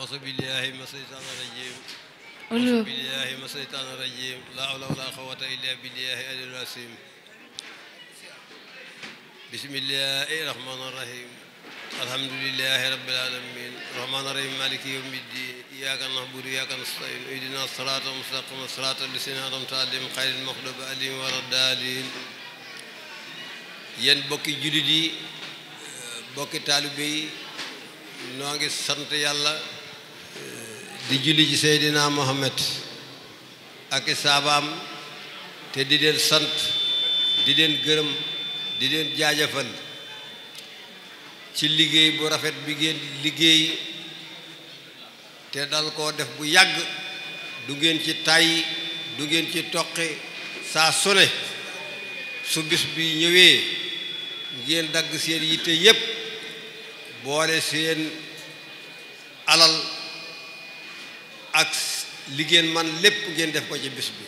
auzu billahi mina shaytaani rajim auzu billahi mina shaytaani rajim laa hawla walaa quwwata illaa billahi aliyil asiim bismillahi rahmaani rahim alhamdulillahi rabbil alamin rahmaani rahim maliki yawmi ddin iyyaka na'budu wa iyyaka nasta'iin ihdina siraatal mustaqiim siraatal laziina an'amta alayhim ghayril maghduubi alayhim wa lad-daalliin yéen bokki jullit yi bokki taalibe yi noo ngi sant yàlla di julli ci Seydina Muhammad ak i te di leen sant di leen gërëm di leen jaajëfal ci liggéey bu rafet bi ngeen liggéey te dal koo def bu yàgg du ngeen ci tàyyi du ngeen ci toqi saa sune su bis bi ñëwee ngeen dagg seen yitte yépp boole seen alal ak li ngeen man lépp ngeen def ko ci bis bi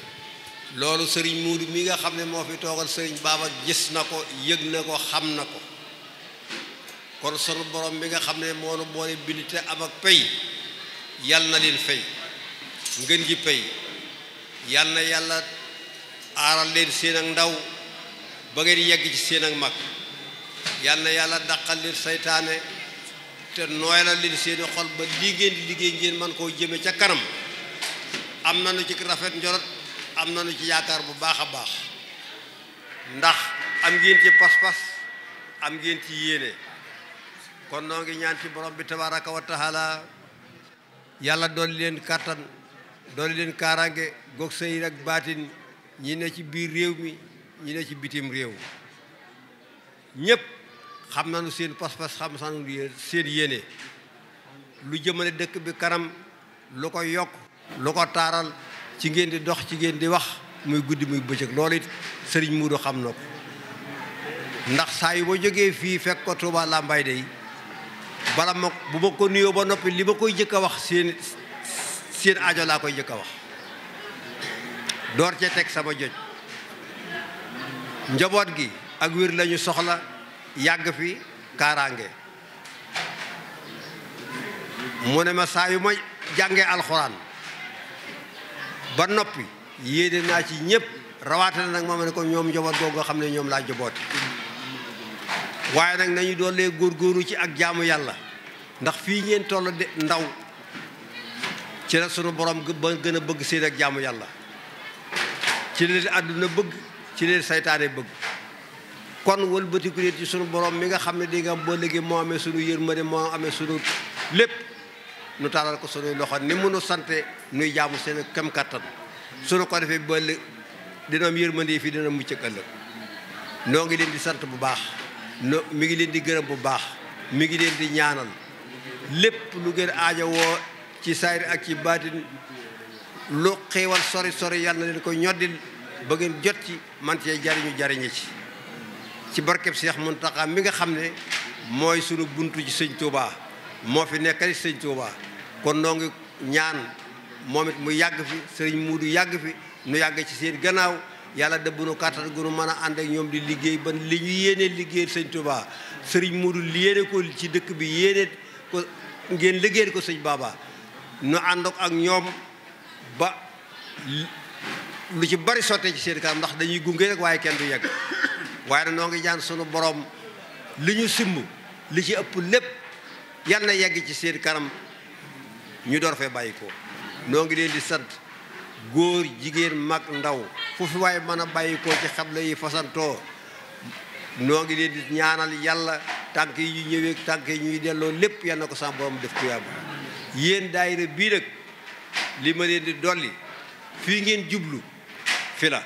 loolu sëriñ muudu mi nga xam ne moo fi toogal sëriñ baaba gis na ko yëg na ko xam na ko kon sunu borom bi nga xam ne moo nu boole bind te am ak pay yal na leen fay ngën gi pay yal na yàlla aaral leen seen ak ndaw ba ngeen yegg ci seen ak mag yal na yàlla dàqal leen seytaane te nooyalal leen seeni xol ba lii ngeen di liggéey ngeen man koo jëme ca kanam am na nu ci rafet njorot am na nu ci yaakaar bu baax a baax ndax am ngeen ci pas-pas am ngeen ci yéene kon noo ngi ñaan ci borom bi tabaraka a taala yàlla dool leen kàttan doon leen kaaraange goog sëy ak baatin ñi ne ci biir réew mi ñi ne ci bitim réew ñépp xam na nañu seen pas-pas xam nañu seen yéene lu jëmale dëkk bi kanam lu ko yokk lu ko taaral ci ngeen di dox ci ngeen di wax muy guddi muy bëccëg loolu it sëriñ Muudu xam na ko ndax saa yu ma jógee fii fekk ko Tuuba Làmbaay day bala ma bu ma ko nuyoo ba noppi li ma koy jëkk a wax seen seen aajo laa koy jëkk a wax door cee teg sama joj njaboot gi ak wér lañu soxla yàgg fi kaaraange mu ne ma saa yu ma jàngee alxuraan ba noppi yéene naa ci ñëpp rawaate na nag ma ne ko ñoom njaboot googu nga xam ne ñoom laa joboote waaye nag nañu góor góoru ci ak jaamu yàlla ndax fii ngeen toll de ndaw ci la sunu borom ba gën a bëgg seen ak jaamu yàlla ci leen àdduna bëgg ci leen saytaane bëgg kon wëlbatiku leen ci sunu borom mi nga xam ne di nga boo léegi moo amee sunu yërmande moo amee sunu lépp nu taalal ko sunuy loxo ni mënu sante nuy jaamu seen kem kattan sunu ko defee ba dina am yërmande fii dina mucc ëllëg noo ngi leen di sant bu baax no mi ngi leen di gërëm bu baax mi ngi leen di ñaanal lépp lu ngeen aajowoo ci saayir ak ci baatin lu xéewal sori sori yàlla na leen ko ñoddil ba ngeen jot ci man cee jariñu jariñe ci ci barkeb Seex Muntaxa mi nga xam ne mooy sunu bunt ci sëñ Touba moo fi nekkali sëñ Touba kon noo ngi ñaan moom it mu yàgg fi sëriñ Muudu yàgg fi nu yàgg ci seen gannaaw yàlla dëbb nu kàttan gu nu a ànd ñoom di liggéey ban li ñu yéene liggéey sëñ Touba sëriñ Muudu li yéene ko ci dëkk bi yéene ko ngeen liggéeyal ko sëñ Baba nu ànd ak ñoom ba lu ci bari sottee ci seen kanam ndax dañuy gunge rek waaye kenn du yegg waaye nag noo ngi ñaan sunu boroom li ñu simb li ci ëpp lépp yal na yegg ci seen kanam ñu door fee bàyyikoo ko noo ngi leen di sant góor jigéen mag ndaw fu fi waaye mën a bàyyi ko ci xabla yi fasantoo noo ngi leen di ñaanal yàlla tànk yi ñu ñëwee tànk yi ñuy delloo lépp yal na ko sama boroom def tuyaab yéen daayira bii nag li ma leen di dolli fii ngeen jublu fi la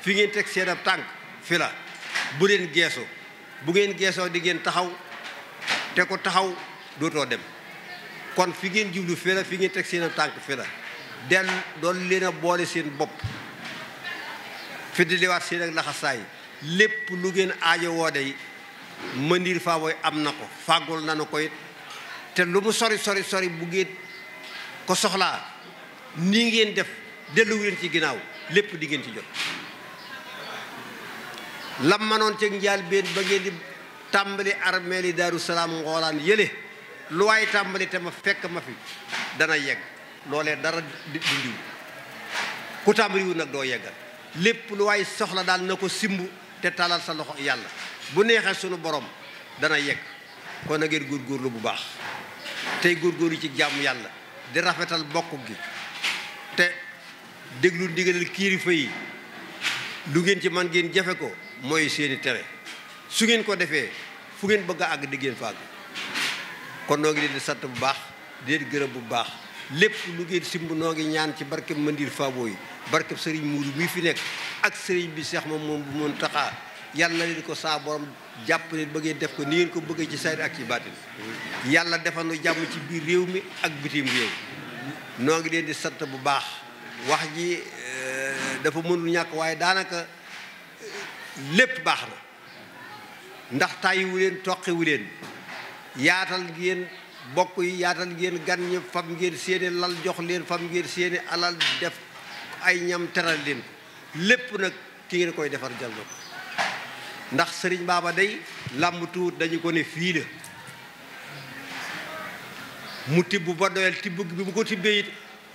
fii ngeen teg seen tànk fi la bu leen geesoo bu ngeen geesoo di ngeen taxaw te ko taxaw dootoo dem kon fi ngeen jublu fi la fi ngeen teg seen tànk fi la del doon leen boole seen bopp fi di liwaat laxasaay lépp lu ngeen aajo woo dey mëndiir am na ko fàggul nanu ko te lu mu sori sori sori bu ngeen ko soxlaa nii ngeen def delluwu ci ginnaaw lépp di ngeen ci jot lam manoon ceeg njaal benn ba ngeen di tàmbali armeel yi daaru salaam ngoolaan yële lu waaye tàmbali te ma fekk ma fi dana yegg loolee dara dindiw ku tàmbaliwu nag doo yeggal lépp lu waaye soxla daal na ko simbu te talal sa loxo yàlla bu neexee sunu borom dana yegg kon na ngeen góorlu bu baax tey góorgóorlu ci jàmm yàlla di rafetal bokk gi te déglu ndigalal kilifa yi lu ngeen ci man ngeen jafe ko mooy seeni tere su ngeen ko defee fu ngeen bëgg àgg di ngeen fa àgg kon noo ngi leen di satt bu baax di gërëb bu baax lépp lu ngeen simb noo ngi ñaan ci barkeb Mandir Fabo yi barkeb sëriñ Muuru mi fi nekk ak sëriñ bi seex moom moom bu mën taxaa yàlla leen ko saa jàpp leen ba def ko ni ko bëggee ci sayt ak ci baatin yàlla defal nu jàmm ci biir réew mi ak bitim réew noo ngi leen di sant bu baax wax ji eh, dafa mënul ñàkk waaye daanaka lépp baax na ndax tàyyiwu leen toqiwu leen yaatal ngeen bokk yi yaatal ngeen gan ñi fam ngeen seeni lal jox leen fam ngeen seeni alal def ay ñam teral leen lépp nag ki ngeen koy defar jal na ko ndax sëriñ baaba day làmb tuut dañu ko ne fii la mu tibb ba doyal tibb bi mu ko tibbee it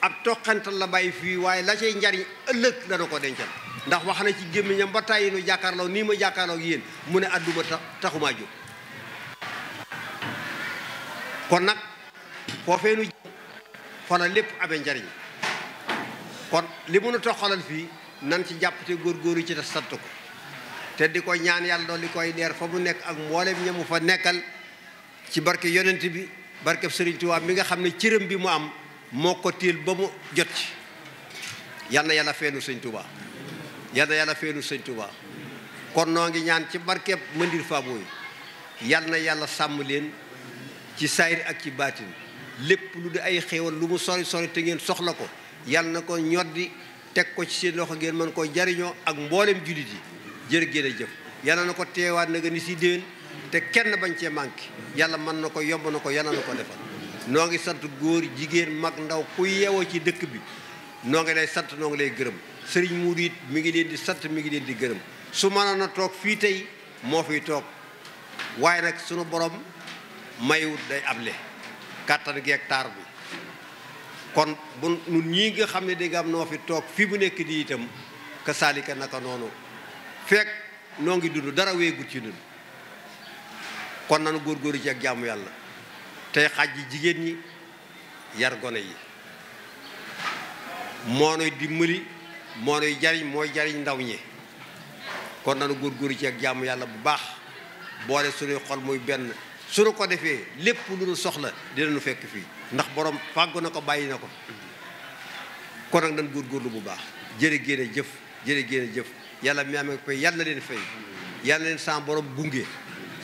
ab toqantal la bàyyi fii waaye la cay njariñ ëllëg dana ko dencal ndax wax na ci gémmiñam ba tàyyi nu jàkkaarloo nii ma jàkkaarloo yéen mu ne àdduma taxumaa jóg kon nag foofee nu fa lépp abe njariñ kon li mënu xolal fii nan ci jàpp góor góorgóoru ci te sant ko te di ko ñaan yàlla doo li koy leer fa mu nekk ak mboolem ña mu fa nekkal ci barke yonent bi barke Sëriñ Tuubaa mi nga xam ne cërëm bi mu am moo ko tiil ba mu jot ci yal yàlla feenu Sëriñ Tuubaa yal yàlla feenu sëñ Touba kon noo ngi ñaan ci barkeeb Mandir Fabooy yal na yàlla sàmm leen ci saayir ak ci baatin lépp lu di ay xéewal lu mu sori sori te ngeen soxla ko yal na ko ñoddi teg ko ci seen loxo ngeen mën koo jariñoo ak mbooleem jullit yi jër ngeen a jëf yal na ko teewaat na nga ni si déwén te kenn bañ cee manqué yàlla mën na ko yomb na ko yal na ko defal noo ngi sant góor jigéen mag ndaw ku yeewoo ci dëkk bi noo ngi lay sant noo lay gërëm sëriñ Muudu it mi ngi leen di sant mi ngi leen di gërëm su mënoon a toog fii tey moo fiy toog waaye nag sunu borom maywut day able kàttan gi ak taar bi kon bu nun ñii nga xam ne dégg am noo fi toog fii bu nekk di itam ka saalika naka noonu fekk noo ngi dund dara weegut ci dund kon nanu góor ci ak jaamu yàlla tey xaj yi jigéen ñi yar gone yi moo noy dimbali moo nuy jariñ mooy jariñ ndaw ñi kon góor góorgóorlu ci ak jàmm yàlla bu baax boole suñuy xol muy benn suñu ko defee lépp lu nu soxla dinañu fekk fii ndax borom fàggu na ko bàyyi na ko kon nag nan góorlu bu baax jërë génne jëf jërë génne jëf yàlla mi amee ko yàlla leen fay yàlla leen sa borom gunge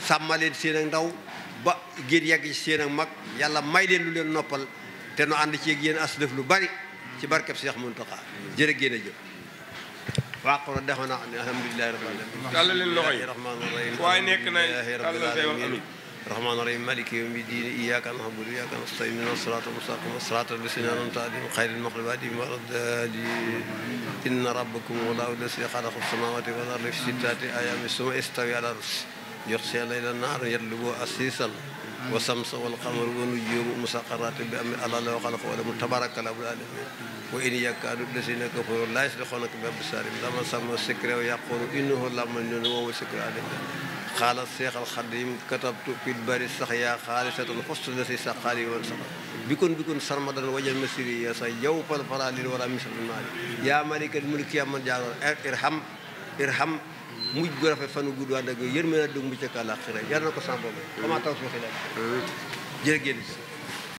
sàmma leen seen ak ndaw ba génn yàgg ci seen ak mag yàlla may leen lu leen noppal te nu ànd ci yéen as def lu bari ci barkeb Cheikh Mountakha jërë géen a jëf waaqola defana an alhamdulilahi rabbil alamin tàll leen loxo yi rahmaani rahim waaye nekk na tàll say wax amin rahmaani rahim maliki yawmi diin iyyaka na'budu wa iyyaka nasta'iin ihdinas siraatal mustaqiim siraatal laziina an'amta alayhim ghayril maghduubi alayhim wa lad-daalliin inna rabbakum huwa llaahu lazii khalaqa as-samaawaati wal arda fii sittati ayyaamin summa istawaa alaa al-'arsh يغشى ليلا نهارا يطلبه أسيسا والشمس والقمر والنجوم مسخرات بأمر الله وخلقه ولم تبارك رب العالمين وإن يكاد الذين كفروا لا يسبقونك بأبصارهم لما سمعوا الذكر ويقولوا إنه لمجنون وهو ذكر عليهم قال الشيخ الخديم كتبت في البر السخيا خالصة حسن الذي سقالي وانسقى بكن بكن سرمدا وجه المسيري يا سيوف الفرا للورى مثل المال يا ملك الملك يا من جار ارحم ارحم mujj gu rafet fan gudd waa dëgg yërmande dëgg mu ca kàllaaxira yar na ko sàmm ba mu. ma taw suuxi la. jërë ngeen